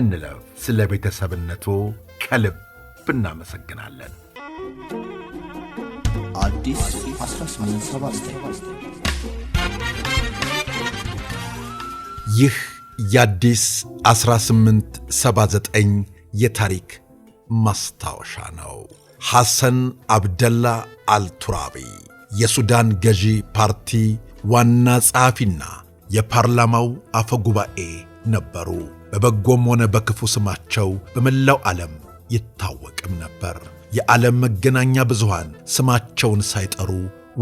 እንለፍ። ስለ ቤተሰብነቱ ከልብ እናመሰግናለን። ይህ የአዲስ 1879 የታሪክ ማስታወሻ ነው። ሐሰን አብደላ አልቱራቢ የሱዳን ገዢ ፓርቲ ዋና ጸሐፊና የፓርላማው አፈ ጉባኤ ነበሩ። በበጎም ሆነ በክፉ ስማቸው በመላው ዓለም ይታወቅም ነበር። የዓለም መገናኛ ብዙሃን ስማቸውን ሳይጠሩ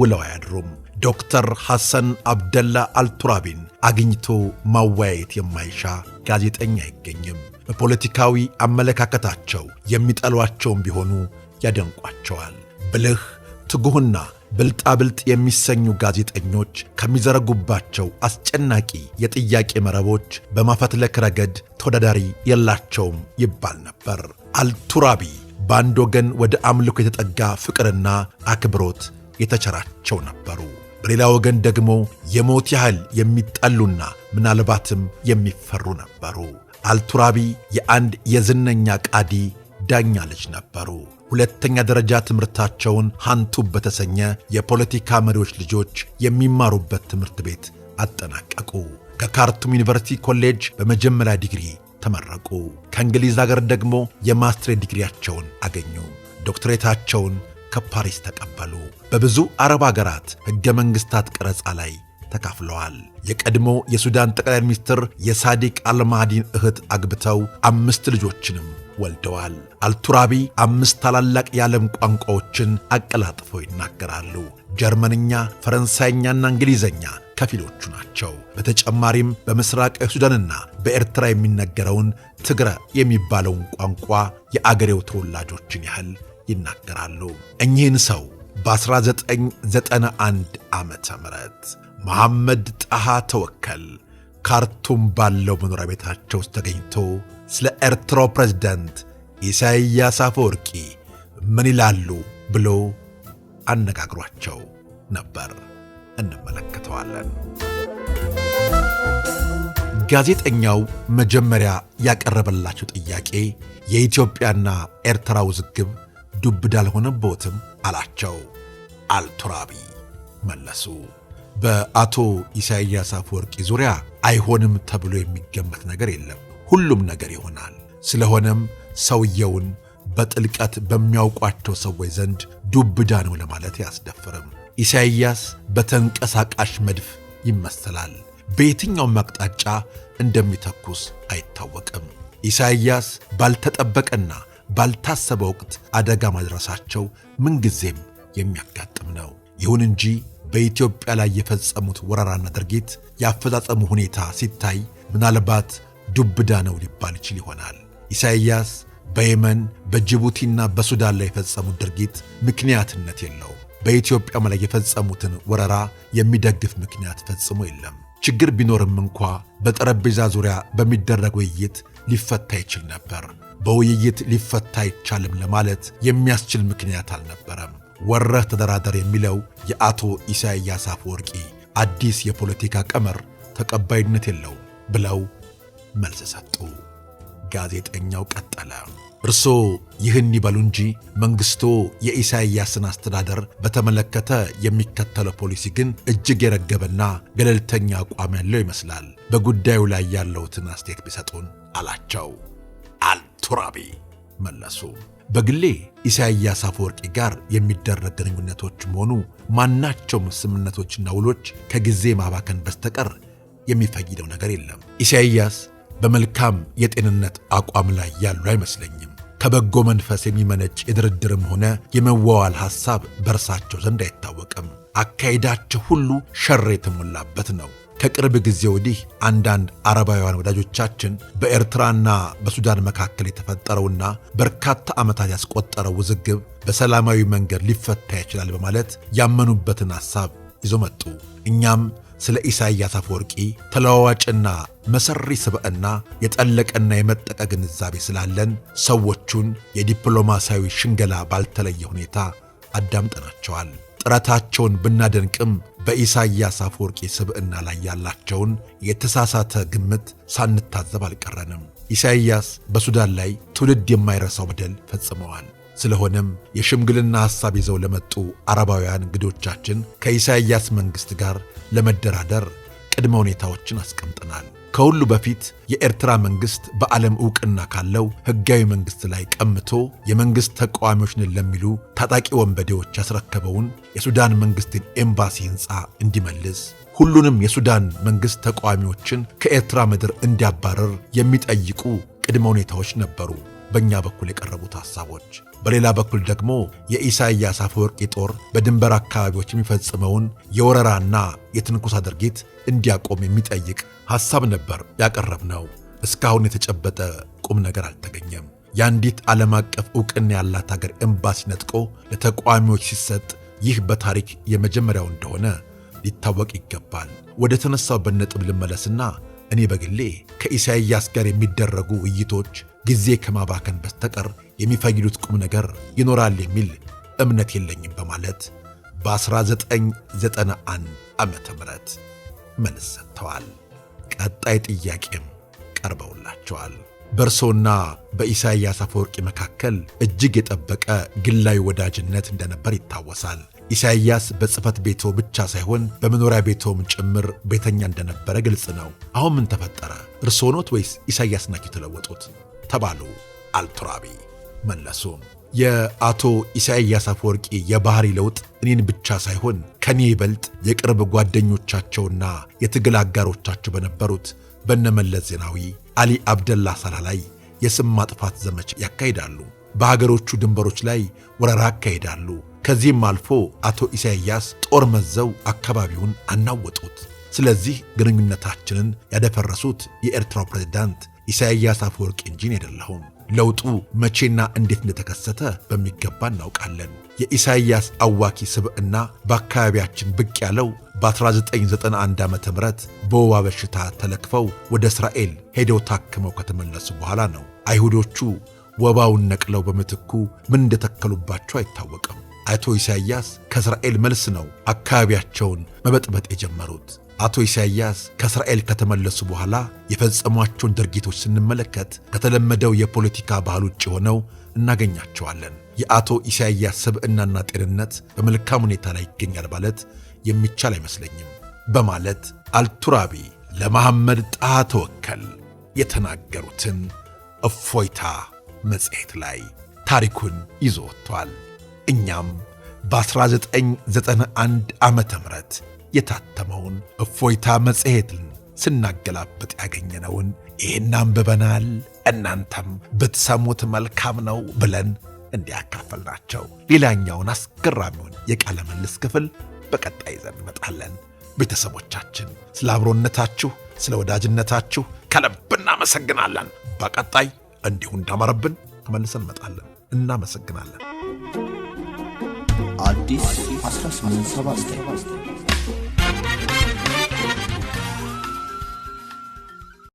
ውለው አያድሩም። ዶክተር ሐሰን አብደላ አልቱራቢን አግኝቶ ማወያየት የማይሻ ጋዜጠኛ አይገኝም። በፖለቲካዊ አመለካከታቸው የሚጠሏቸውም ቢሆኑ ያደንቋቸዋል። ብልህ ትጉህና ብልጣብልጥ የሚሰኙ ጋዜጠኞች ከሚዘረጉባቸው አስጨናቂ የጥያቄ መረቦች በማፈትለክ ረገድ ተወዳዳሪ የላቸውም ይባል ነበር። አልቱራቢ በአንድ ወገን ወደ አምልኮ የተጠጋ ፍቅርና አክብሮት የተቸራቸው ነበሩ። በሌላ ወገን ደግሞ የሞት ያህል የሚጠሉና ምናልባትም የሚፈሩ ነበሩ። አልቱራቢ የአንድ የዝነኛ ቃዲ ዳኛ ልጅ ነበሩ። ሁለተኛ ደረጃ ትምህርታቸውን ሀንቱ በተሰኘ የፖለቲካ መሪዎች ልጆች የሚማሩበት ትምህርት ቤት አጠናቀቁ። ከካርቱም ዩኒቨርሲቲ ኮሌጅ በመጀመሪያ ዲግሪ ተመረቁ። ከእንግሊዝ አገር ደግሞ የማስትሬ ዲግሪያቸውን አገኙ። ዶክትሬታቸውን ከፓሪስ ተቀበሉ። በብዙ አረብ አገራት ሕገ መንግሥታት ቀረጻ ላይ ተካፍለዋል። የቀድሞ የሱዳን ጠቅላይ ሚኒስትር የሳዲቅ አልማዲን እህት አግብተው አምስት ልጆችንም ወልደዋል። አልቱራቢ አምስት ታላላቅ የዓለም ቋንቋዎችን አቀላጥፈው ይናገራሉ። ጀርመንኛ፣ ፈረንሳይኛና እንግሊዘኛ ከፊሎቹ ናቸው። በተጨማሪም በምስራቅ ሱዳንና በኤርትራ የሚነገረውን ትግረ የሚባለውን ቋንቋ የአገሬው ተወላጆችን ያህል ይናገራሉ። እኚህን ሰው በ1991 ዓመተ ምህረት መሐመድ ጠሃ ተወከል ካርቱም ባለው መኖሪያ ቤታቸው ውስጥ ተገኝቶ ስለ ኤርትራው ፕሬዝዳንት ኢሳይያስ አፈወርቂ ምን ይላሉ ብሎ አነጋግሯቸው ነበር። እንመለከተዋለን። ጋዜጠኛው መጀመሪያ ያቀረበላቸው ጥያቄ የኢትዮጵያና ኤርትራ ውዝግብ ዱብዳ አልሆነበትም አላቸው። አልቱራቢ መለሱ። በአቶ ኢሳይያስ አፈወርቂ ዙሪያ አይሆንም ተብሎ የሚገመት ነገር የለም ሁሉም ነገር ይሆናል። ስለሆነም ሰውየውን በጥልቀት በሚያውቋቸው ሰዎች ዘንድ ዱብዳ ነው ለማለት አያስደፍርም። ኢሳይያስ በተንቀሳቃሽ መድፍ ይመሰላል። በየትኛውም አቅጣጫ እንደሚተኩስ አይታወቅም። ኢሳይያስ ባልተጠበቀና ባልታሰበ ወቅት አደጋ ማድረሳቸው ምንጊዜም የሚያጋጥም ነው። ይሁን እንጂ በኢትዮጵያ ላይ የፈጸሙት ወረራና ድርጊት የአፈጻጸሙ ሁኔታ ሲታይ ምናልባት ዱብዳ ነው ሊባል ይችል ይሆናል። ኢሳይያስ በየመን በጅቡቲና በሱዳን ላይ የፈጸሙት ድርጊት ምክንያትነት የለው። በኢትዮጵያም ላይ የፈጸሙትን ወረራ የሚደግፍ ምክንያት ፈጽሞ የለም። ችግር ቢኖርም እንኳ በጠረጴዛ ዙሪያ በሚደረግ ውይይት ሊፈታ ይችል ነበር። በውይይት ሊፈታ አይቻልም ለማለት የሚያስችል ምክንያት አልነበረም። ወረህ ተደራደር የሚለው የአቶ ኢሳይያስ አፈወርቂ አዲስ የፖለቲካ ቀመር ተቀባይነት የለው ብለው መልስ ሰጡ። ጋዜጠኛው ቀጠለ። እርሶ ይህን ይበሉ እንጂ መንግስቱ የኢሳይያስን አስተዳደር በተመለከተ የሚከተለው ፖሊሲ ግን እጅግ የረገበና ገለልተኛ አቋም ያለው ይመስላል። በጉዳዩ ላይ ያለውትን አስተያየት ቢሰጡን አላቸው። አልቱራቢ መለሱ። በግሌ ኢሳይያስ አፈወርቂ ጋር የሚደረግ ግንኙነቶች መሆኑ ማናቸውም ስምምነቶችና ውሎች ከጊዜ ማባከን በስተቀር የሚፈይደው ነገር የለም። ኢሳይያስ በመልካም የጤንነት አቋም ላይ ያሉ አይመስለኝም። ከበጎ መንፈስ የሚመነጭ የድርድርም ሆነ የመዋዋል ሐሳብ በእርሳቸው ዘንድ አይታወቅም። አካሄዳቸው ሁሉ ሸር የተሞላበት ነው። ከቅርብ ጊዜ ወዲህ አንዳንድ አረባውያን ወዳጆቻችን በኤርትራና በሱዳን መካከል የተፈጠረውና በርካታ ዓመታት ያስቆጠረው ውዝግብ በሰላማዊ መንገድ ሊፈታ ይችላል በማለት ያመኑበትን ሐሳብ ይዞ መጡ። እኛም ስለ ኢሳያስ አፈወርቂ ተለዋዋጭና መሰሪ ስብዕና የጠለቀና የመጠቀ ግንዛቤ ስላለን ሰዎቹን የዲፕሎማሲያዊ ሽንገላ ባልተለየ ሁኔታ አዳምጠናቸዋል። ጥረታቸውን ብናደንቅም በኢሳያስ አፈወርቂ ስብዕና ላይ ያላቸውን የተሳሳተ ግምት ሳንታዘብ አልቀረንም። ኢሳይያስ በሱዳን ላይ ትውልድ የማይረሳው በደል ፈጽመዋል። ስለሆነም የሽምግልና ሐሳብ ይዘው ለመጡ አረባውያን እንግዶቻችን ከኢሳይያስ መንግሥት ጋር ለመደራደር ቅድመ ሁኔታዎችን አስቀምጠናል። ከሁሉ በፊት የኤርትራ መንግሥት በዓለም ዕውቅና ካለው ሕጋዊ መንግሥት ላይ ቀምቶ የመንግሥት ተቃዋሚዎችን ለሚሉ ታጣቂ ወንበዴዎች ያስረከበውን የሱዳን መንግሥትን ኤምባሲ ሕንፃ እንዲመልስ፣ ሁሉንም የሱዳን መንግሥት ተቃዋሚዎችን ከኤርትራ ምድር እንዲያባረር የሚጠይቁ ቅድመ ሁኔታዎች ነበሩ። በእኛ በኩል የቀረቡት ሐሳቦች፣ በሌላ በኩል ደግሞ የኢሳይያስ አፈወርቂ ጦር በድንበር አካባቢዎች የሚፈጽመውን የወረራና የትንኩሳ ድርጊት እንዲያቆም የሚጠይቅ ሐሳብ ነበር ያቀረብነው። እስካሁን የተጨበጠ ቁም ነገር አልተገኘም። የአንዲት ዓለም አቀፍ ዕውቅና ያላት ሀገር ኤምባሲ ነጥቆ ለተቃዋሚዎች ሲሰጥ ይህ በታሪክ የመጀመሪያው እንደሆነ ሊታወቅ ይገባል። ወደ ተነሳው ነጥብ ልመለስና እኔ በግሌ ከኢሳይያስ ጋር የሚደረጉ ውይይቶች ጊዜ ከማባከን በስተቀር የሚፈይዱት ቁም ነገር ይኖራል የሚል እምነት የለኝም በማለት በ1991 ዓ ም መልስ ሰጥተዋል። ቀጣይ ጥያቄም ቀርበውላቸዋል። በእርሶና በኢሳይያስ አፈወርቂ መካከል እጅግ የጠበቀ ግላዊ ወዳጅነት እንደነበር ይታወሳል። ኢሳይያስ በጽህፈት ቤቶ ብቻ ሳይሆን በመኖሪያ ቤቶም ጭምር ቤተኛ እንደነበረ ግልጽ ነው። አሁን ምን ተፈጠረ? እርስዎ ኖት ወይስ ኢሳይያስ ናቸው የተለወጡት? ተባሉ አልቱራቢ መለሱም። የአቶ ኢሳይያስ አፈወርቂ የባህሪ ለውጥ እኔን ብቻ ሳይሆን ከኔ ይበልጥ የቅርብ ጓደኞቻቸውና የትግል አጋሮቻቸው በነበሩት በነመለስ ዜናዊ፣ አሊ አብደላ ሳላ ላይ የስም ማጥፋት ዘመቻ ያካሂዳሉ። በሀገሮቹ ድንበሮች ላይ ወረራ ያካሂዳሉ። ከዚህም አልፎ አቶ ኢሳይያስ ጦር መዘው አካባቢውን አናወጡት። ስለዚህ ግንኙነታችንን ያደፈረሱት የኤርትራው ፕሬዝዳንት ኢሳይያስ አፈወርቅ እንጂን አይደለሁም። ለውጡ መቼና እንዴት እንደተከሰተ በሚገባ እናውቃለን። የኢሳይያስ አዋኪ ስብዕና በአካባቢያችን ብቅ ያለው በ1991 ዓ ም በወባ በሽታ ተለክፈው ወደ እስራኤል ሄደው ታክመው ከተመለሱ በኋላ ነው። አይሁዶቹ ወባውን ነቅለው በምትኩ ምን እንደተከሉባቸው አይታወቅም። አቶ ኢሳይያስ ከእስራኤል መልስ ነው አካባቢያቸውን መበጥበጥ የጀመሩት። አቶ ኢሳያስ ከእስራኤል ከተመለሱ በኋላ የፈጸሟቸውን ድርጊቶች ስንመለከት ከተለመደው የፖለቲካ ባህል ውጭ ሆነው እናገኛቸዋለን። የአቶ ኢሳያስ ስብዕናና ጤንነት በመልካም ሁኔታ ላይ ይገኛል ማለት የሚቻል አይመስለኝም በማለት አልቱራቢ ለመሐመድ ጣሃ ተወከል የተናገሩትን እፎይታ መጽሔት ላይ ታሪኩን ይዞ ወጥቷል። እኛም በ1991 ዓ ም የታተመውን እፎይታ መጽሔትን ስናገላብጥ ያገኘነውን ይህን አንብበናል፣ እናንተም ብትሰሙት መልካም ነው ብለን እንዲያካፈልናቸው ሌላኛውን አስገራሚውን የቃለ ምልልስ ክፍል በቀጣይ ይዘን እንመጣለን። ቤተሰቦቻችን ስለ አብሮነታችሁ፣ ስለ ወዳጅነታችሁ ከልብ እናመሰግናለን። በቀጣይ እንዲሁ እንዳመረብን ተመልሰን እንመጣለን። እናመሰግናለን። አዲስ 1879